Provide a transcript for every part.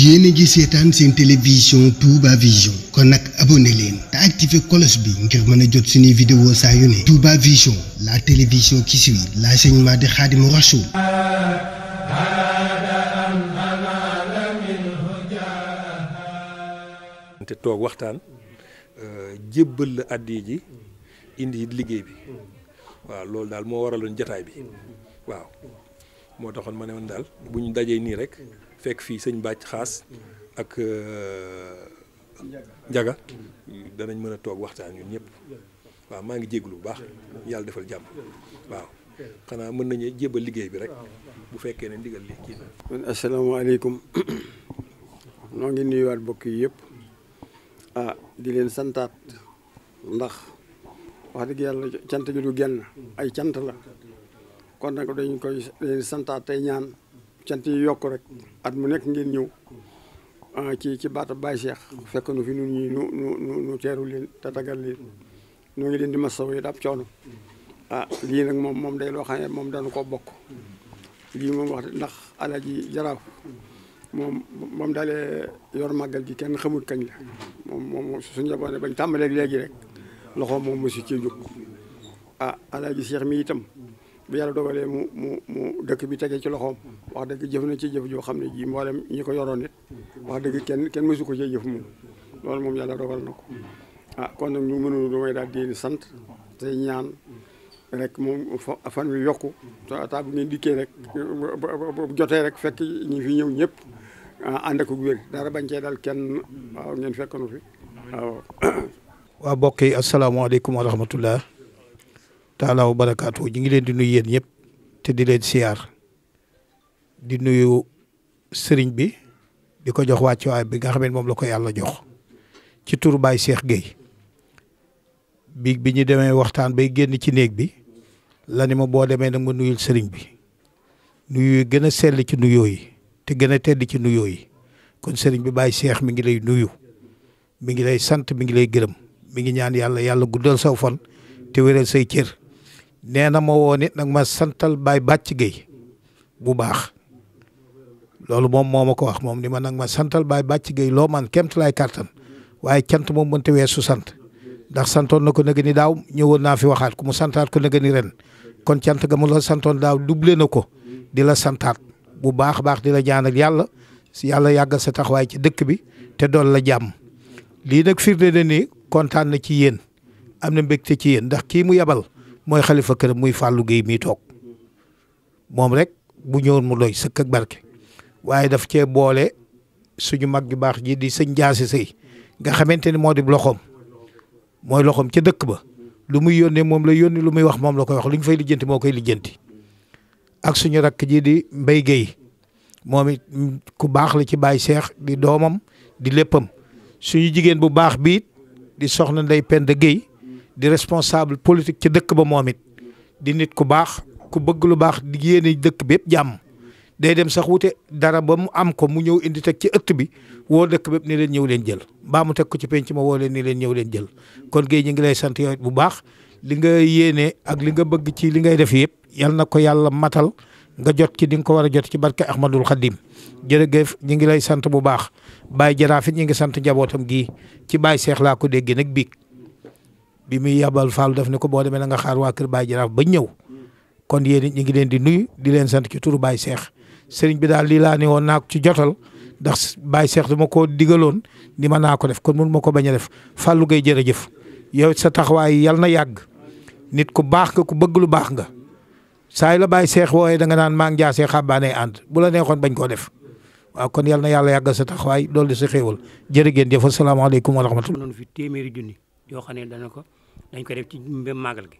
yéen a ngi seetaan seen télévision Touba Vision kon nag abonné leen te activé cloche bi ngir mën a jot suñuy vidéo saa yu ne Touba Vision la télévision qui suit l'enseignement de Khadimou Rassoul te toog waxtaan euh, jébbal la àddi ji indi liggéey bi waaw loolu daal moo waraloon jataay bi waaw moo taxoon ma ne woon daal bu ñu dajee nii rek fekk fii sëñ baaj xaas ak euh, njaga danañ mën a toog waxtaan ñun ñëpp waaw maa ngi jéglu bu baax yàlla defal jàmm waaw xanaa mën nañu jébbal liggéey bi rek bu fekkee ne ndigal li kii na asalaamaaleykum noo ngi nuyuwaat mbokk yi yépp ah di leen santaat ndax wax dëgg yàlla cant ju du genn ay cant la kon nag dañ koy leen santaat tey ñaan cant yi yokk rek at mu nekk ngeen ñëw ah, ci ci baata Baye Cheikh fekk nu fi nun ñi nu nu nu teeru leen te tagal leen noo ngi leen di masaw yi daab coono ah lii nag moom moom day loo moom dañu ko bokk lii moom wax ndax alaaji jaraaf moom moom daalee yor màggal gi kenn xamul kañ la moom moom suñu njaboot bañ tàmbaleek léegi rek loxo moom mosu cee jóg ah alaaji Cheikh mi itam bu yàlla dogalee mu mu dëkk bi tegee ci loxoom wax dëgg jëf na ci jëf joo xam ne ji mboolem ñi ko yoroon it wax dëgg kenn kenn mësu ko cee jëf moom loolu moom yàlla dogal na ko ah kon nag ñu mënul lu may daal di sant te ñaan rek moom fan wi yokku ta bu ngeen dikkee rek jotee rek fekk ñi fi ñëw ñëpp ah, ànd ak wér dara bañ cee dal kenn waaw ngeen fekkanu fi waa mbokk yi asalaamaaleykum wa taala wa barakaatu ñu ngi leen di nuyu yéen ñëpp te di leen siyaar di nuyu sëriñ bi di ko jox wàccuwaay bi nga xam moom la ko yàlla jox ci turu Baye Cheikh Gueye bi bi ñu demee waxtaan bay génn ci néeg bi la ni boo demee nag ma nuyul sëriñ bi nuyu gën a sell ci nuyoo yi te gën a tedd ci nuyoo yi kon sëriñ bi Baye Cheikh mi ngi lay nuyu mu ngi lay sant mu ngi lay gërëm mi ngi ñaan yàlla yàlla guddal saw fan te wéral say cër nee na ma woo nit nag ma santal baay bàcc géey bu baax loolu moom moo ma ko wax moom ni ma nag ma santal baay bàcc géey loo man kemt lay kàttan waaye cant moom mënta weesu sant ndax santoon na ko nëgë ni daaw ñëwoon naa fi waxaat ko mu santaat ko nëgë ni ren kon cant ga mu la santoon daaw doublé na ko di la santaat bu baax baax di la ñaanal yàlla si yàlla yàggal sa tax waaye ci dëkk bi te dool la jàmm lii nag firnde na ni kontaan na ci yéen am na mbégte ci yéen ndax kii mu yabal mooy xalifa këram muy Fallou Guèye mii toog moom rek bu ñëwoon mu doy sëkk ak barke waaye daf cee boole suñu mag ju baax ji di sëñ jaasi sëy nga xamante ni moo di loxoom mooy loxoom ca dëkk ba lu muy yónnee moom la yónni lu muy wax moom la koy wax lu ñu fay lijjanti moo koy lijjanti ak suñu rakk ji di mbay Guèye moom it ku baax la ci baay Cheikh di doomam di léppam suñu jigéen bu baax biit di soxna pen Penda Guèye di responsable politique ci dëkk ba moom it di nit ku baax ku bëgg lu baax di yéene dëkk bépp jàmm day dem sax wute dara ba mu am ko mu ñëw indi teg ci ëtt bi woo dëkk bépp ni leen ñëw leen jël baa mu teg ko ci penc ma woo leen ni leen ñëw leen jël kon géej ñu ngi lay sant yow bu baax li nga yéene ak li nga bëgg ci li ngay def yëpp yal na ko yàlla matal nga jot ci di nga ko war a jot ci barke Ahmadul Xadim jërëjëf ñu ngi lay sant bu baax baay Jaraaf it ñu ngi sant njabootam gii ci Baye Seex laa ko dégg nag biig bi muy yabal Fall daf ne ko boo demee na nga xaar waa kër Baye Jaraaf ba ñëw kon yéen ngi leen di nuyu di leen sant ci turu Baye Cheikh sëriñ bi daal lii laa ne woon naa ko ci jotal ndax Baye Cheikh dama koo digaloon ni ma naa ko def kon mun ma ko bañ a def Fallou Gueye jërëjëf yow sa taxawaay yal na yàgg nit ku baax nga ku bëgg lu baax nga saa la Baye Cheikh wooyee da nga naan maa ngi jaasee xàbbaanee ànd bu la neexoon bañ koo def waaw kon yal na yàlla yàggal sa taxawaay loolu di sa xéewal jërë ngeen jëf asalaamaaleykum wa rahmatulah. noonu fi téeméeri junni yoo dañ ko def ci mbéem màggal gi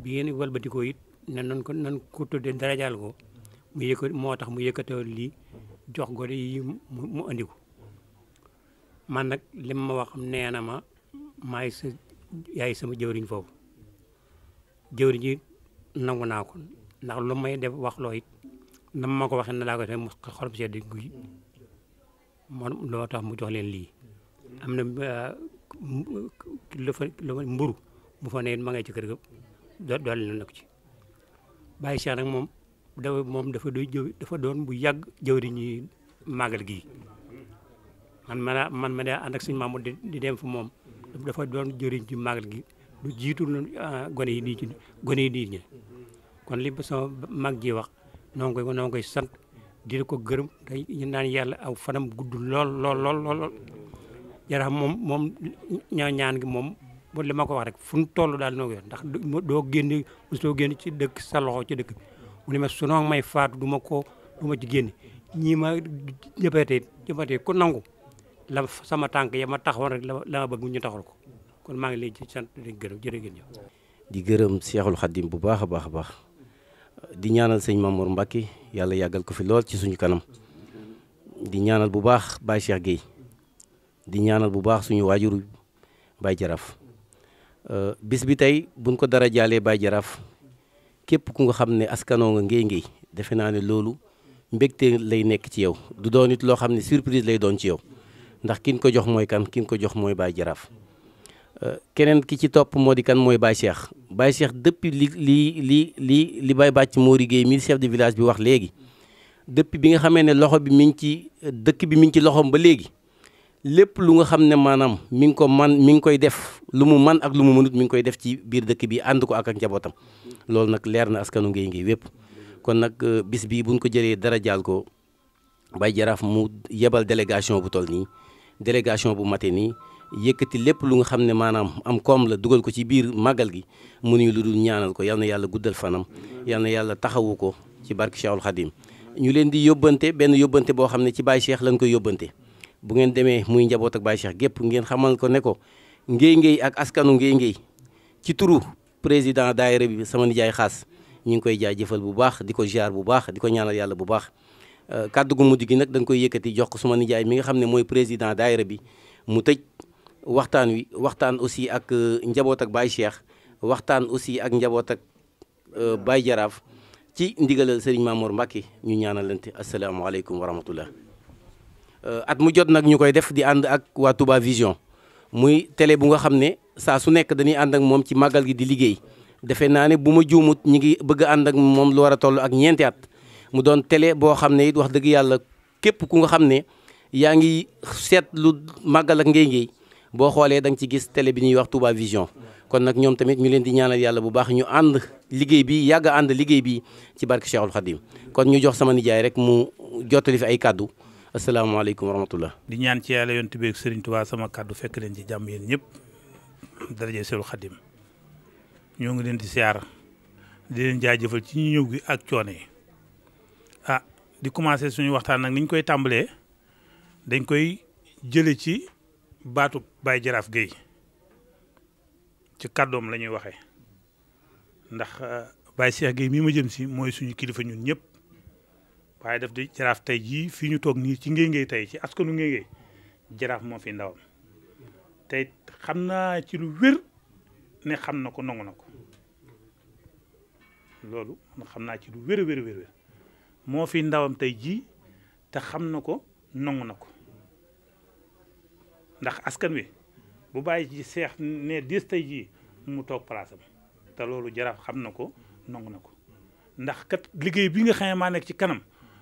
bi ngeen walbatikoo it ne nan ko nan ko tuddee darajaal ko moo tax mu yëkkatoo lii jox gone yi mu andi ko man nag lim ma wax nee na ma maay sa yaay sama jëwriñ foofu jëwriñ ji nangu naa ko ndax lu may def wax loo it nam ma ko waxee na laa ko defee mu xorom sedd guy moom loo tax mu jox leen lii am na ah, la fa la fa mburu bu fa ne ma ngay ci kër ga doole na ci bàyyi Cheikh nag moom dafa moom dafa doy jëw dafa doon bu yàgg jëwri ñuy màggal gii man ma man ma daa ànd ak di dem fa moom dafa doon jëwriñ ci màggal gi lu jiitu ah, gone yi di ci gone yi di ñi kon li sama mag ji wax noo ngi koy noo ngi di ko gërëm tey ñu naan yàlla fanam gudd lool lool lool lool jaraaf moom moom ñoo ñaan gi moom li ma ko wax rek fu mu toll daal noo yor ndax doo génn mosoo génn ci dëkk sa loxo ci dëkk mu ma sunoo may faatu du ma ko du ma ci génn ñii ma jëbatee jëbatee ku nangu la sama tànk ya ma taxawoon rek la ma bëgg ñu taxal ko kon maa ngi leen ci sant di gërëm jërëjëf di gërëm Seexul Xaddim bu baax a baax a baax di ñaanal sëñ Mamour Mbacke yàlla yàggal ko fi lool ci suñu kanam di ñaanal bu baax Baye Cheikh Guèye di ñaanal bu baax suñu waajur Baye Jaraaf euh, bis bi tey buñ ko dara jaalee Baye Jaraaf képp ku nga xam ne askanoo nga ngéy ngéy defe naa ne loolu mbégte lay nekk ci yow du doon it loo xam ne surprise lay doon ci yow ndax kin ko jox mooy kan ki kin ko jox mooy Baye Jaraaf euh, keneen ki ci topp moo di kan mooy Baye Cheikh Baye Cheikh depuis li li li li li Baye Bàcc moo liggéey mi chef de village bi wax léegi depuis bi nga xamee ne loxo bi mi ngi ci dëkk bi mi ngi ci loxoom ba léegi lépp lu nga xam ne maanaam mi ngi ko man mi ngi koy def lu mu man ak lu mu mënut mi ngi koy def ci biir dëkk bi ànd ko ak ak njabootam loolu nag leer na askanu ngay ngi wépp kon nag euh, bis bii buñ ko jëlee dara jaal ko bay jaraaf mu yebal délégation bu toll nii délégation bu mate nii yëkkati lépp lu nga xam ne maanaam am koom la dugal ko ci biir màggal gi mënuñu lu dul ñaanal ko yal na yàlla guddal fanam yal na yàlla taxawu ko ci barke Cheikhul Khadim ñu leen di yóbbante benn yóbbante boo xam ne ci Baye Cheikh lañ koy yóbbante bu ngeen demee muy njaboot ak Baye Cheikh gépp ngeen xamal ko ne ko ngéy ngéy ak askanu ngéy ngéy ci turu président daayira bi sama nijaay xaas ñu ngi koy jëfal bu baax di ko ziar bu baax di ko ñaanal yàlla bu baax euh, kàddu gu mujj gi nag dañ koy yëkkati jox ko sama nijaay mi nga xam ne mooy président daayira bi mu tëj waxtaan wi waxtaan aussi ak euh, njaboot ak Baye Cheikh waxtaan aussi ak njaboot ak euh, bay Jaraaf ci ndigalal Serigne Mamour mbakki ñu ñaanalante asalaamaaleykum wa rahmatullah Euh, at mu jot nag ñu koy def di ànd ak waa Touba Vision muy tele bu nga xam ne saa su nekk dañuy ànd ak moom ci màggal gi di liggéey defe naa ne bu ma juumut ñi ngi bëgg a ànd ak moom lu war a toll ak ñeenti at mu doon tele boo xam ne it wax dëgg yàlla képp ku nga xam ne yaa ngi seet lu màggal ak ngay ngay boo xoolee da nga ci gis télé bi ñuy wax Touba Vision kon nag ñoom tamit ñu leen di ñaanal yàlla bu baax ñu ànd liggéey bi yàgg ànd liggéey bi ci barke Cheikhul Khadim kon ñu jox sama nijaay rek mu jottali fi ay kàddu asalaamaaleykum wa rahmatullah di ñaan ci yàlla yonent bi ak Serigne Touba sama kàddu fekk leen ci jàmm yéen ñëpp daraje Seul Xadim ñoo ngi leen di siyaar di leen jaajëfal ci ñu ñëw gi ak coono ah di commencé suñu waxtaan nag ni ñu koy tàmbalee dañ koy jële ci baatu Baye Jaraaf Guèye ci kàddoom la ñuy waxee ndax euh, Baye Cheikh Guèye mu ma jëm si mooy suñu kilifa ñun ñëpp. waaye daf di jaraaf tey jii fii ñu toog nii ci ngéngéey tey ci askanu ngéngéey jaraaf moo fi ndawam tey xam naa ci lu wér ne xam na ko nongu na ko loolu xam naa ci lu wér wér wér moo fi ndawam tey jii te xam na ko nangu na ko ndax askan wi bu bàyyi ji seex ne diis tey jii mu toog palaasam te loolu jaraaf xam na ko nangu na ko ndax kat liggéey bi nga xam ne maa nekk ci kanam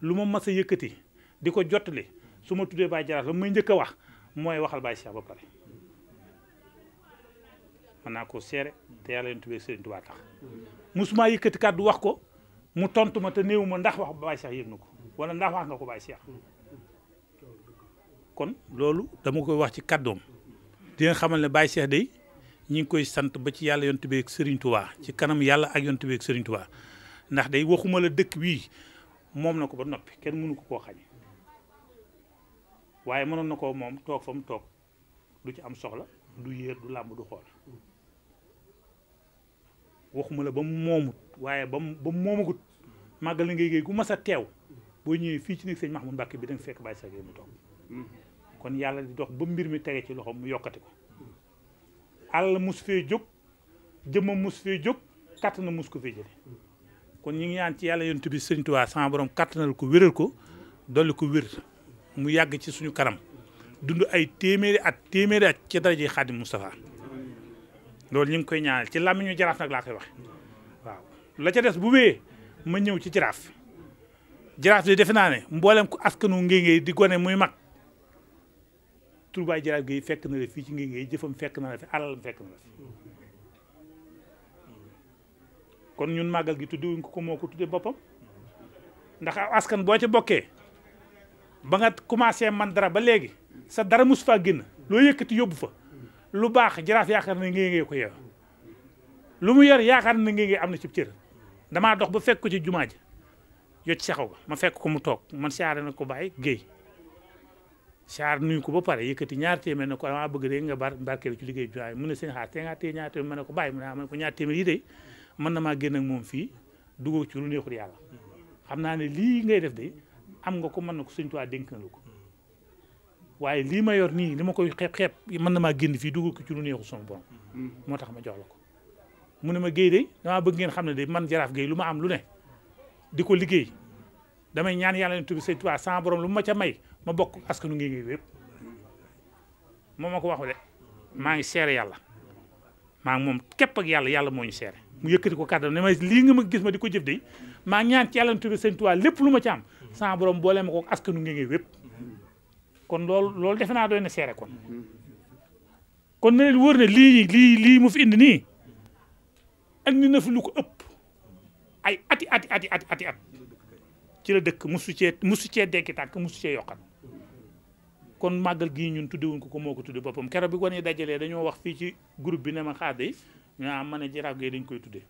lu ma mas a yëkkati di ko jottali su ma tuddee Baye Jaraaf la may njëkk a wax mooy waxal Baye Cheikh ba pare mën naa koo seere te yàlla yonent bi Sëriñ Tuubaa kàddu wax ko mu tontu ma te néew ma ndax wax Baye Cheikh yëg na ko wala ndax wax nga ko Baye Cheikh kon loolu dama koy wax ci kàddoom di xamal ne Baye Cheikh day ñi ngi koy sant ba ci yàlla yonent bi ak Sëriñ Tuubaa ci kanam yàlla ak yonent bi ak Sëriñ Tuubaa ndax day waxuma la dëkk bii moom na ko ba noppi kenn mënu ko koo xañ waaye mënoon na koo moom toog fa mu toog du ci am soxla du yéer du làmb du xool waxuma la ba mu moomut waaye ba mu ba mu moomagut màggal na ngay géey gu mas a teew boo ñëwee fii ci nekk sëñ Mahmoud Mbacke bi da nga fekk bàyyi sa mu toog kon yàlla di dox ba mbir mi tege ci loxoom mu yokkati ko àll mus fee jóg jëmma mus fee jóg kàtt na mus ko fee jële kon ñu ngi ñaan ci yàlla yonent bi Sëriñ Tuubaa sama borom kattanal ko wéral ko dolli ko wér mu yàgg ci suñu kanam dund ay téeméeri at téeméeri at ci daraje Xaadim Moustapha loolu ñu ngi koy ñaanal ci làmmiñu jaraaf nag laa koy wax la ca des bu wéyee ma ñëw ci jaraaf jaraaf de defe naa ne mboolem ko askanu ngéngéy di gone muy mag turbaay jaraaf gi fekk na la fii ci ngéngéy jëfam fekk na la fi alalam fekk na la fi kon ñun màggal gi tuddiwuñ ko ko moo ko tuddee boppam ndax askan boo ci bokkee ba nga commencé man dara ba léegi sa dara mus faa génn loo yëkkati yóbbu fa lu baax jaraaf yaakaar na ngee ngee ko lu mu yor yaakaar na ngee ngee am na ci cër damaa dox ba fekk ko ci jumaa ji yot saxaw ba ma fekk ko mu toog man siyaare na ko bàyyi géey siyaar nuyu ko ba yëkkati ñaar téeméer ne ko damaa bëgg rek nga bar barkeelu ci liggéey jumaa yi a ne seen xaar te ngaa téye ñaar téeméer ma ne ko bàyyi m ah, ne ko ñaar téeméer yi mën na maa génn moom fii dugg ci lu neexul yàlla xam naa ne lii ngay def de am nga ko mën na ko Sëñ Tuubaa dénk na ko waaye lii ma yor nii li ma koy xeeb xeeb mën na maa génn fii dugg ci lu neexul sama borom moo tax ma jox la ko mu ne ma géy de bëgg ngeen xam ne de man jaraaf géy lu ma am lu ne di ko liggéey damay ñaan yàlla ne tubi Sëñ Tuubaa sama borom lu ma ca may ma bokk askanu ngi ngi wépp moom ma ko wax de maa ngi seere yàlla maa ngi moom képp ak yàlla yàlla moo ñu seere mu yëkkati ko kàddam ne ma lii nga ma gis ma di ko jëf de maa ñaan ci yàllantu bi sëñ Tuubaa lépp lu ma ci am sama borom boolee ma ko askanu nge nge wépp kon lool loolu defe naa doy na seere kon kon na leen wóor ne lii lii lii mu fi indi nii andi na fi lu ko ëpp ay ati ati ati ati ati at ci la dëkk musu cee musu cee dekki tànk musu cee yokkat kon màggal gii ñun tuddewuñ ko ko moo ko tudde boppam keroog bi ko ne dajalee dañoo wax fii ci groupe bi ne ma xaar ñu naan ah, ma ne jaraaf gay dañ koy tuddee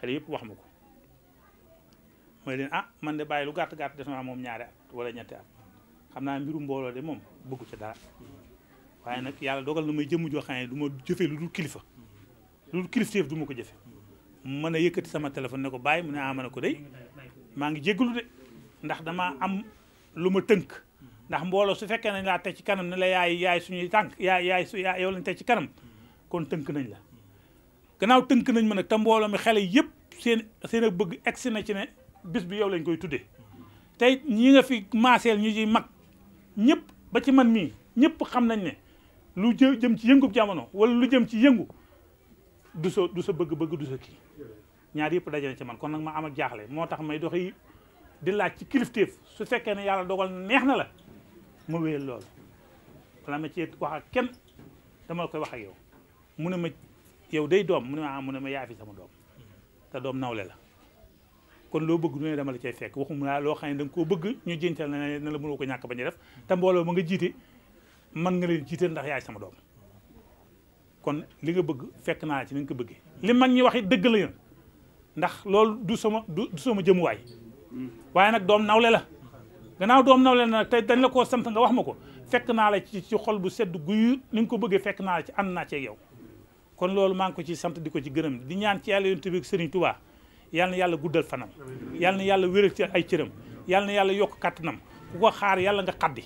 xale yëpp wax ma ko mooy leen ah man de bàyyi lu gàtt gàtt des naa moom ñaare at wala ñetti at xam naa mbiru mbooloo de moom bëggu ca dara waaye nag yàlla dogal na may jëmm joo xam ne du ma jëfee lu dul kilifa lu dul kilifteef du ma ko jëfe mën a yëkkati sama téléphone ne ko bàyyi mu ne ah ma ko dey maa ngi jéggalu de ndax dama am lu ma tënk ndax mbooloo su fekkee nañ laa teg ci kanam ne la yaay yaay suñuy tànk yaay yaay su yaay yow lañ ci kanam kon tënk nañ la gannaaw tënk nañ ma nag te mbooloo mi xale yëpp seen seen a bëgg egsi na ci ne bis bi yow lañ koy tuddee tey ñi nga fi maaseel ñu ci mag ñëpp ba ci man mii ñëpp xam nañ ne lu jëm ci yëngu jamono wala lu jëm ci yëngu du sa du sa bëgg-bëgg du sa kii ñaar yëpp daje na ci nag ma am ak jaaxle moo tax may doxi di laaj ci kilifteef su fekkee ne yàlla dogal neex na la ma wéyal loolu balaa ma ci wax ak kenn dama koy wax ak yow mu ne ma yow day doom mu ne ma ah, mu ne ma yaa fi sama doom te doom nawle la kon loo bëgg lu ne dama la cay fekk waxum laa loo xam ne da nga koo bëgg ñu jëntal na ne la mënoo ko ñàkk bañ a def te mbooloo ma nga jiite man nga leen jiital ndax yaay sama doom kon li nga bëgg fekk naa ci ni nga ko bëggee li mag ñi wax dëgg la ndax loolu du sama du sama jëmuwaay waaye nag doom nawle la gannaaw doom nawle la nag te dañ la koo sant nga wax ma ko fekk naa la ci ci xol bu sedd guyu ni nga ko bëggee fekk naa la ci ànd naa ci ak yow kon loolu maa ngi ko ci sant di ko ci gërëm di ñaan ci yàlla yonent bi Serigne Touba yal na yàlla guddal fanam yal na yàlla wéral ci ay cëram yal na yàlla yokk kàttanam ku ko xaar yàlla nga xaddi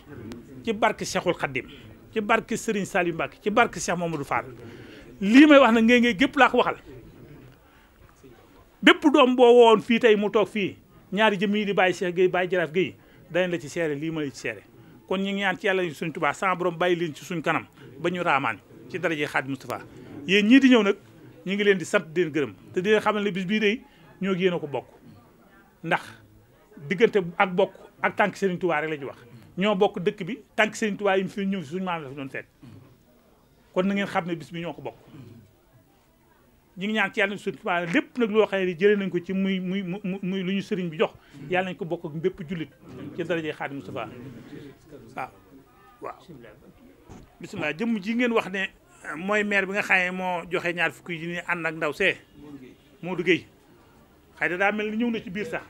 ci barke Cheikhul Khadim ci barke Serigne Saliou Mbacké ci barke Cheikh Mamadou Fall lii may wax na ngay ngay gépp laa ko waxal bépp doom boo woon fii tey mu toog fii ñaari jëm yi di bàyyi Cheikh Gueye bàyyi Jaraaf Gueye dañ la ci seere lii ma seere kon ñi ngi ñaan ci yàlla suñ Touba sama borom bàyyi leen ci suñ kanam ba ñu raamaan ci daraje Xaadimu Mustafaa yéen ñii di ñëw nag ñu ngi leen di sant di leen gërëm te di leen xamal ne bis bii day ñoo ngi a ko bokk ndax diggante ak bokk ak tànk Serigne Touba rek la ñuy wax ñoo bokk dëkk bi tànk Serigne yi mu fi ñëw suñu doon seet kon na ngeen xam ne bis bi ñoo ko bokk ñu ngi ñaan yàlla Serigne Touba lépp nag loo xam nañ ko ci muy muy muy lu ñu sëriñ bi jox yàlla nañ ko bokk ak bépp jullit ci darajee Xaadim Mustafa waaw waaw bisimilah jëmm ji ngeen wax ne mooy maire bi nga xam ne moo joxe ñaar fukki junni ànd ak ndaw see moo Gueye xëy na daa mel ni ñëw na ci biir sax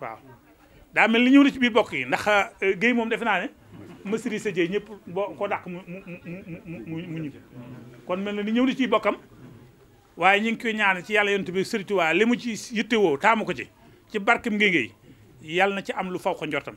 waaw daa mel ni ñëw na ci biir bokk yi ndax euh, géy moom defe naa ne Massiré sa Dieye ñëpp boo ko dàq mu mu mu mu ñu kon mel na ni ñëw na ci bokkam waaye ñu ngi koy ñaan ci yàlla yonent bi Sëriñ Tuubaa li mu ci yittewoo taamu ko ci ci barkem Gueye Gueye yàlla na ci am lu faw ko njortam